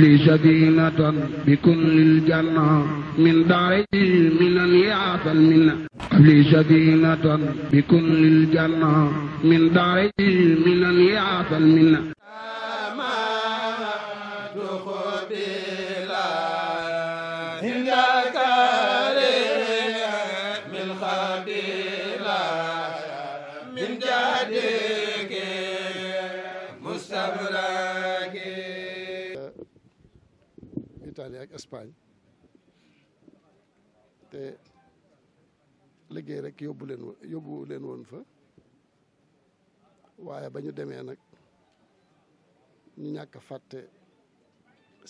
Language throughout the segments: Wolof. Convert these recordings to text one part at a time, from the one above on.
li sadinatan bi kullil janna min daari minan yaatal minna li sadinatan bi kullil janna min daari minan yaatal minna Espagne te liggéey rek yóbbu leen woon fa waaye ba ñu demee nag ñu ñàkk fàtte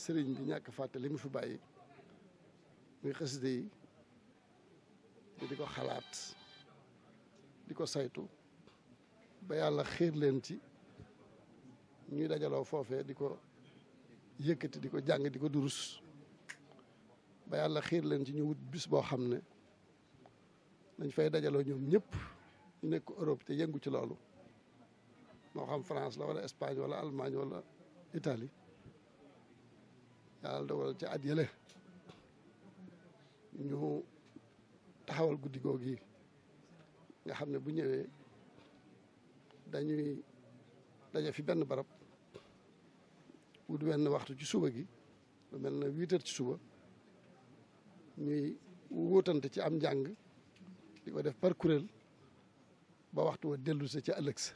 sëriñ bi ñàkk fàtte li mu fi bàyyi muy xaside yi te di ko xalaat di ko saytu ba yàlla xiir leen ci ñuy dajaloo foofee di ko yëkkati di ko jàng di ko durus ba yàlla xiir leen ci ñu wut bis boo xam ne dañ fay dajaloo ñoom ñëpp ñu nekk Europe te yëngu ci loolu moo xam France la wala Espagne wala Allemagne wala Italie yàlla dogal ci at yële ñu taxawal guddi googu nga xam ne bu ñëwee dañuy daja fi benn barab wut wenn waxtu ci suba gi lu mel na huit ci suba ñuy wuutante ci am njàng di ko def par kuréel ba waxtu wa dellu sa ca ëllëg sa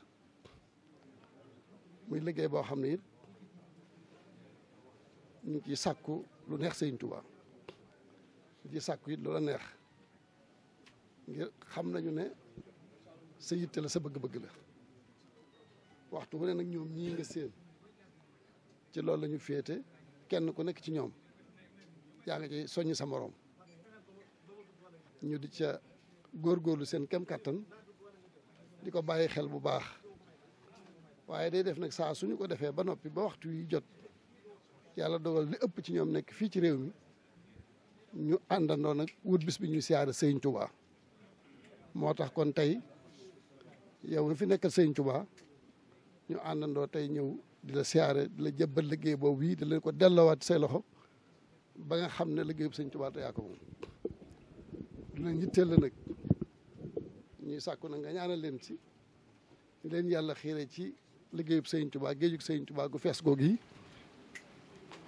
muy liggéey boo xam ne it ñu ngi ciy sàkku lu neex sëñ Tuubaa ñu ciy sàkku it loola neex ngir xam nañu ne sa yitte la sa bëgg-bëgg la waxtu wu ne nag ñoom ñii nga seen ci loolu la féete kenn ku nekk ci ñoom yaa nga ci soññ sa moroom ñu di ca góor góorlu seen kem kàttan di ko bàyyi xel bu baax waaye day def nag saa suñu ko defee ba noppi ba waxtu wi jot yàlla dogal li ëpp ci ñoom nekk fii ci réew mi ñu àndandoo nag wut bis bi ñuy siyaare Sëriñ Tuubaa moo tax kon tey yow nga fi nekkal Sëriñ Tuubaa ñu àndandoo tey ñëw di la siyaare di la jëbbal liggéey boobu wii di la ko delloowaat say loxo ba nga xam ne liggéeyu Sëriñ Tuubaa te yaa ko moom lu leen yitteel la nag ñuy sàkku nag nga ñaanal leen ci ñu leen yàlla xiire ci liggéeyub Sëriñ Tuubaa géejug Sëriñ Tuubaa gu fees googu yi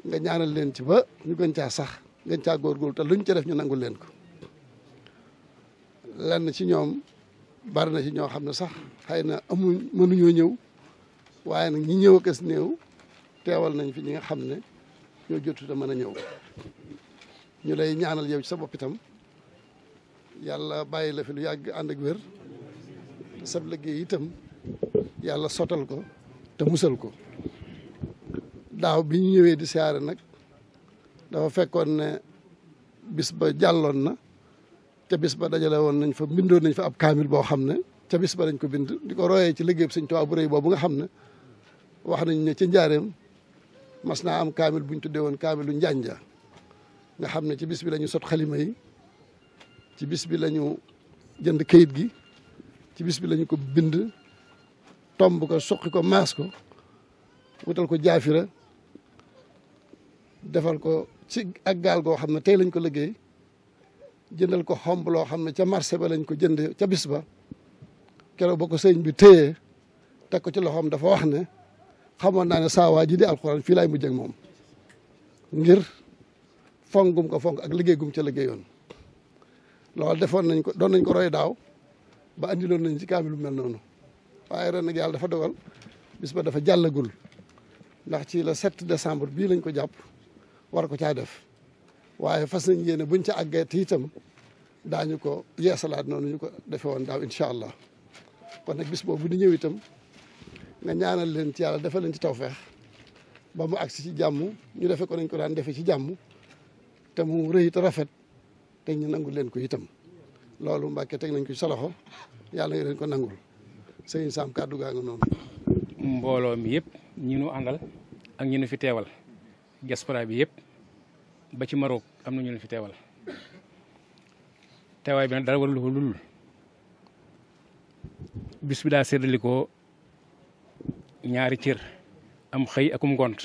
nga ñaanal leen ci ba ñu gën caa sax gën caa góorgóorlu te luñ ci def ñu nangul leen ko lenn ci ñoom bari na ci ñoo xam ne sax xëy na amuñ mënuñoo ñëw waaye nag ñi ñëw a kës néew teewal nañ fi ñi nga xam ne ñoo jotu te mën a ñëw ñu lay ñaanal yow ci sa boppitam yàlla bàyyi la fi lu yàgg ànd ak wér sab liggéey itam yàlla sotal ko te musal ko daaw bi ñu ñëwee di siyaare nag dafa fekkoon ne bis ba jàlloon na ca bis dajale woon nañ fa bindoon nañ fa ab kaamil boo xam ne ca bis ba dañ ko bind di ko royee ci liggéey bi sëñ Tuubaa bu rëy boobu nga xam ne wax nañ ne ca njaareem mas naa am kaamil buñ tuddee woon kaamilu njànja nga xam ne ci bis bi la ñu sot xalima yi ci bis bi lañu jënd kayit gi ci bis bi lañu ko bind tomb ko suqi ko maas ko wutal ko jaafira defal ko ci ak gaal goo xam ne tey lañ ko liggéey jëndal ko xomb loo xam ne ca marché ba lañ ko jënde ca bis ba keroog boo ko sëñ bi téyee teg ko ci loxoom dafa wax ne xamoon naa ne saawaa ji di alxuraan fii laay mujj ak moom ngir fongum ko fonk ak liggéey gum ca liggéeyoon loolu defoon nañ ko doon nañ ko roy daaw ba andiloon nañ ci kaamil lu mel noonu waaye ren nag yàlla dafa dogal bis ba dafa jàllagul ndax ci le 7 décembre bii lañ ko jàpp war ko caa def waaye fas nañ yéene buñ ca àggee te itam daañu ko yeesalaat noonu ñu ko defe woon daaw incha allah kon nag bis boobu di ñëw itam nga ñaanal leen ci yàlla defal leen ci tawfeex ba mu agsi ci jàmm ñu defe ko nañ ko daan defe ci jàmm te mu rëy te rafet te ñu leen ko itam loolu Mbàkke teg nañ ko ci sa loxo yàlla nga leen ko nangul sëriñ Sam kàddu gaa nga noonu. mbooloo mi yëpp ñi nu àndal ak ñi fi teewal diaspora bi yëpp ba ci Maroc am na ñu fi teewal teewaay bi nag dara warul ko lul bis bi daa séddalikoo ñaari cër am xëy akum ngont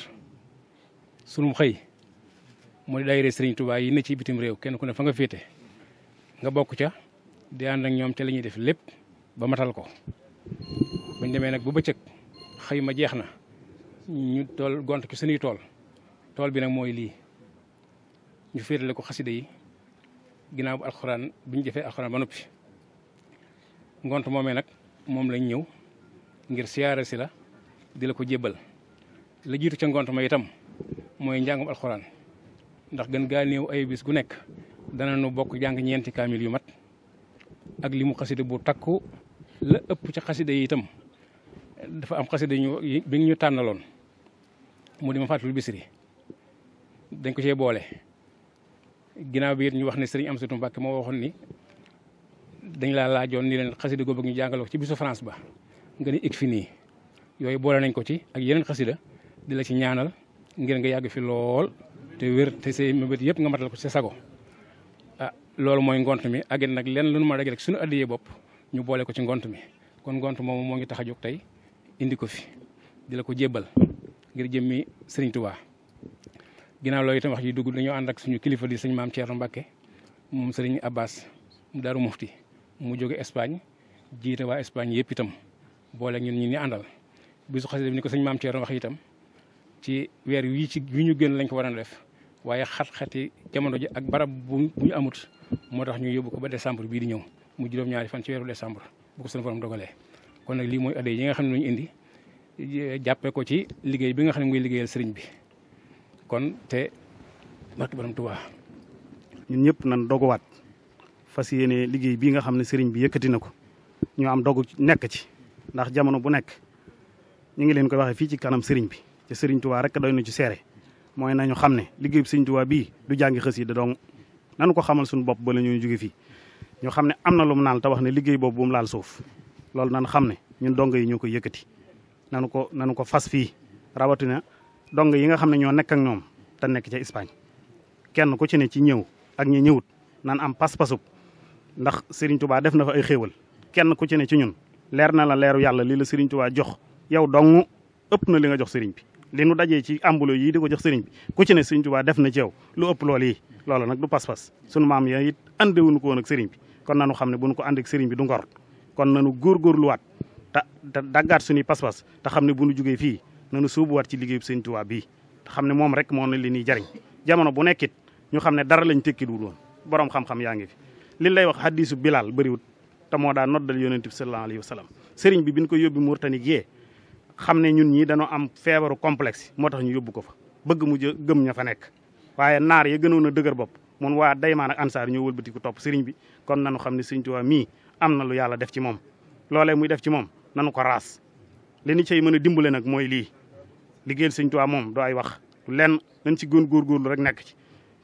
sunum xëy mu di daayira Serigne Touba yi ne ci bitim réew kenn ku ne fa nga féete nga bokk ca di nag ñoom ca la ñuy def lépp ba matal ko buñ demee nag bu bëccëg xëy ma jeex na ñu tool gont ci suñuy tool tool bi nag mooy lii ñu féetale ko xasida yi ginnaaw bu alxuraan bu ñu defee alxuraan ba noppi ngont moomee nag moom lañ ñëw ngir siyaare si la di la ko jébbal la jiitu ca ngont ma itam mooy njàngum alxuraan ndax gën gaa néew ay bis gu nekk nu bokk jàng ñeenti kaamil yu mat ak li mu xasida bu takku la ëpp ci xasida yi itam dafa am xasida ñu bi ñu tànnaloon mu di ma fàttali bisri dañ ko cee boole ginnaaw bi it ñu wax ne sëriñ Amsatu Mbàkke moo waxoon ni dañ laa laajoon ni leen xasida goo bëgg ñu jàngaloo ci bisu France ba nga ni ig fi nii yooyu boole nañ ko ci ak yeneen xasida di la ci ñaanal ngir nga yàgg fi lool te wér te say mébét yëpp nga matal ko ci sago ah loolu mooy ngont mi ak nag lenn lu nu ma rek suñu addiyee bopp ñu boole ko ci ngont mi kon ngont moomu moo ngi tax a jóg tey indi ko fi di la ko jébbal ngir jëmmi sëriñ Tuubaa ginnaaw loolu itam wax ji dugg dañoo ànd ak suñu kilifa di sëñ maam Thierno Mbacke moom sëriñ Abbas mu Daaru Mufti mu jóge Espagne jiite waa Espagne yëpp itam boole ñun ñu ni àndal bisu xasida bi ni ko sëñ maam wax itam ci weer yi ci wi ñu gën lañ ko war a def waaye xat-xati jamono ji ak barab bu ñu amut moo tax ñu yóbbu ko ba décembre bii di ñëw mu juróom-ñaari fan ci weeru décembre bu ko seen borom dogalee kon nag lii mooy addiya yi nga xam ne ñu indi jàppee ko ci liggéey bi nga xam ne muy liggéeyal sëriñ bi kon te barke borom ñun ñëpp nan doguwaat fas yéene liggéey bii nga xam ne sëriñ bi yëkkati na ko ñu am dogu nekk ci ndax jamono bu nekk ñu ngi leen koy waxee fii ci kanam sëriñ bi te sëriñ tubaa rek doy na ci seere mooy nañu xam ne liggéeyub sëriñ tubaa bii du jàngi xasida dong nanu ko xamal suñu bopp ba la ñuy jóge fi ñu xam ne am na lu mu naal wax ne liggéey boobu bu mu laal suuf loolu nanu xam ne ñun dong yi ñoo ko yëkkati nanu ko nanu ko fas fii rawatina dong yi nga xam ne ñoo nekk ak ñoom ta nekk ca Espagne kenn ku ci ne ci ñëw ak ñi ñëwut nan am pas-pasub ndax Serigne tubaa def na fa ay xéewal kenn ku ci ne ci ñun leer na la leeru yàlla lii la Serigne Touba jox yow dong ëpp na li nga jox Serigne bi li nu dajee ci ambulo yi di ko jox sëriñ bi ku ci ne sëriñ Tuubaa def na ci yow lu ëpp loolu yi loolu nag du pas-pas sunu maam ya it àndewuñu ko woon ak sëriñ bi xam ne bu nu ko ànd ak sëriñ bi du ngor kon nanu góorgóorluwaat te te daggaat suñuy pas-pas te xam ne bu nu jugee fii na nanu waat ci liggéeyu sëriñ Tuubaa bii te xam ne moom rek moo na li ñuy jariñ jamono bu nekkit ñu xam ne dara lañ tekki du doon borom xam-xam yaa ngi fi li lay wax hadisu Bilal bëriwut te moo daa noddal yonent bi sallallahu alayhi wa sallam sëriñ bi biñ ko yóbbi Mauritanie gee xam ne ñun ñii dañoo am feebaru complexe moo tax ñu yóbbu ko fa bëgg mu jë gëm ña fa nekk waaye naar ya gënoon a dëgër bopp mun waa daymaan ak ansaar ñoo wëlbati ko topp sëriñ bi kon nanu xam ne sëriñ Tuubaa mii am na lu yàlla def ci moom loolee muy def ci moom nanu ko raas li ni cey mën a dimbale nag mooy lii liggéeyal sëriñ Tuubaa moom doo ay wax lenn nañ ci góor góorgóorlu rek nekk ci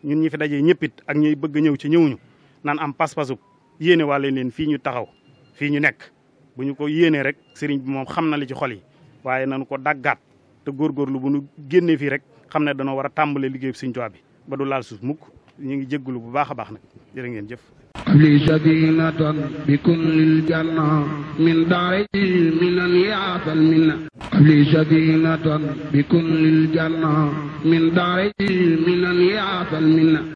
ñun ñi fi dajee ñëppit ak ñuy bëgg ñëw ci ñëwuñu nan am pas-pasu yéene waa leen fii ñu taxaw fii ñu nekk bu ñu ko yéenee rek sëriñ bi moom xam na li ci xol yi waaye nañu ko daggaat te góorgóorlu bu nu génnee fii rek xam ne danoo war a tàmbalee liggéey suñ tubaab bi ba laal suuf mukk ñu ngi jéggulu bu baax a baax nag jërë ngeen jëf li safinatan bi kullil janna min daari li safinatan min daari minan yaasal minna